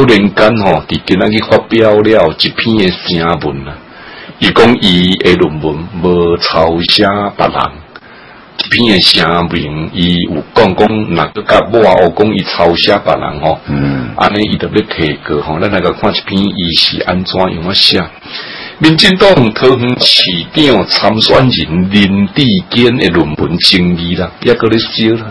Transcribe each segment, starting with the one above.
突然間吼，佇今日發表了一篇嘅聲明啦，伊講伊誒論文無抄襲別人，一篇嘅聲明伊有講講哪個甲某啊，我講伊抄襲別人吼，安尼伊特別提過吼，咱那個看一篇伊是安怎用一下。民進黨桃園市長參選人林智堅嘅論文爭議啦，一個你知啦。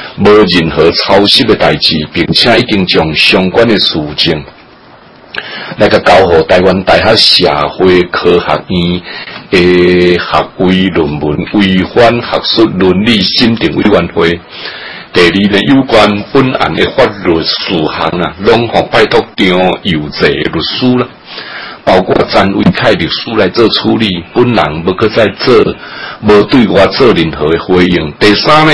無任何抄襲嘅代誌，並且已經將相關嘅事情，來個交予台灣大學社會科學院嘅學位論文違反學術倫理審定委員會。第二呢，有關本案嘅法律事項啊，攏互拜託張有澤律師啦，包括詹維凱律師來做處理，本人無擱再做，無對我做任何嘅回應。第三呢？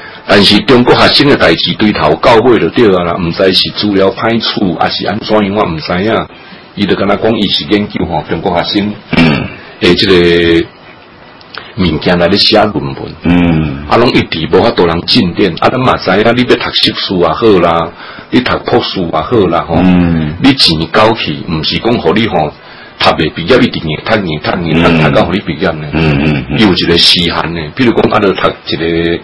但是中國學生嘅代志對頭，較尾就對啊啦。毋知是資料派出，還是安怎樣，我毋知影伊就跟他講，伊是研究吼中國學生，誒，即個物件來咧寫論文。嗯。阿、啊、龍一直無法度人進店。啊，咱嘛知影你要讀碩士啊好啦，你讀博士啊好啦，吼。嗯。你錢交去，毋是講互你吼？讀未畢業一定嘅，他年他年他他講互你畢業呢？嗯嗯嗯，嗯。伊有一個時限呢，比如講阿龍讀一個。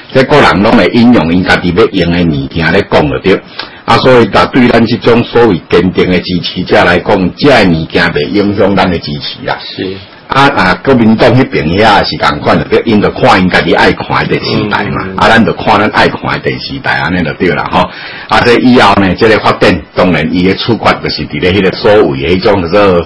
在、這個人攏會引用因家己要用嘅物件來講，就對。啊，所以，對咱這種所謂堅定嘅支持者來講，即個物件咪影響咱嘅支持啊。是啊啊，國民黨迄邊遐是同款，就因着看因家己愛看嘅電視台嘛嗯嗯。啊，咱着看咱愛看嘅電視台安尼就對了吼啊，即以後呢，即、這個發展當然伊嘅出發就是佇咧迄個所謂嘅迄種就個、是。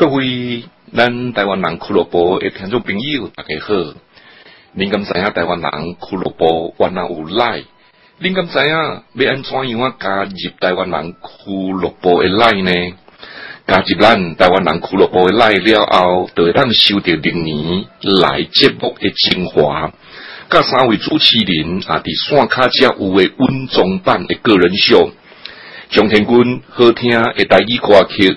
各位，咱台灣人俱樂部的聽眾朋友，大家好！您敢知影台灣人俱樂部原來有奶、like？您敢知影要安怎樣啊加入台灣人俱樂部的奶、like、呢？加入咱台灣人俱樂部的奶、like，了後，就會當收着歷年來節目嘅精華，甲三位主持人啊，佇線跤才有嘅穩中辦嘅個人秀，唱天軍好聽嘅台語歌曲。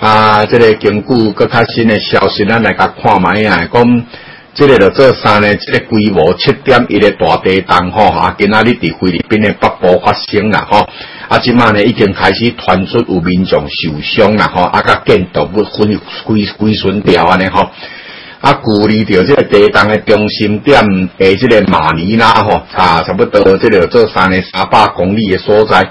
啊！這個根據擱較新嘅消息，咱來甲看賣啊，講，這個了做三呢，這個規模七點一嘅大地動吼，哈，今仔日佇菲律賓嘅北部發生啦，吼！啊，即賣、哦啊、呢已經開始傳出有民眾受傷啦，吼、哦！啊，甲建築物分歸歸損掉安尼吼！啊，距離着這個地震嘅中心點誒，這個馬尼拉吼，差、哦啊、差不多，這個做三嘅三百公里嘅所在。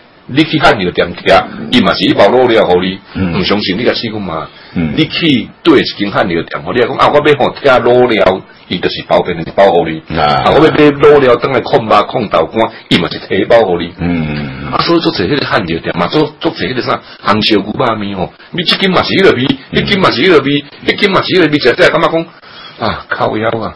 你去漢藥店食，伊嘛是一包滷料互你。毋、嗯、相信你甲試過嘛？嗯、你去對一間漢藥店，互你講啊，我欲買睇滷料，伊著是包邊嘅包互你。啊，我欲、啊啊、買滷料當嚟看肉，看豆乾，伊嘛是摕包互你。嗯，啊，所以就係個啲漢藥店嘛，做做就係啲咩紅燒牛肉麵吼？你即間嘛是迄個味，迄間嘛是迄個味，迄間嘛是迄個味，就真係咁樣講啊，靠腰啊！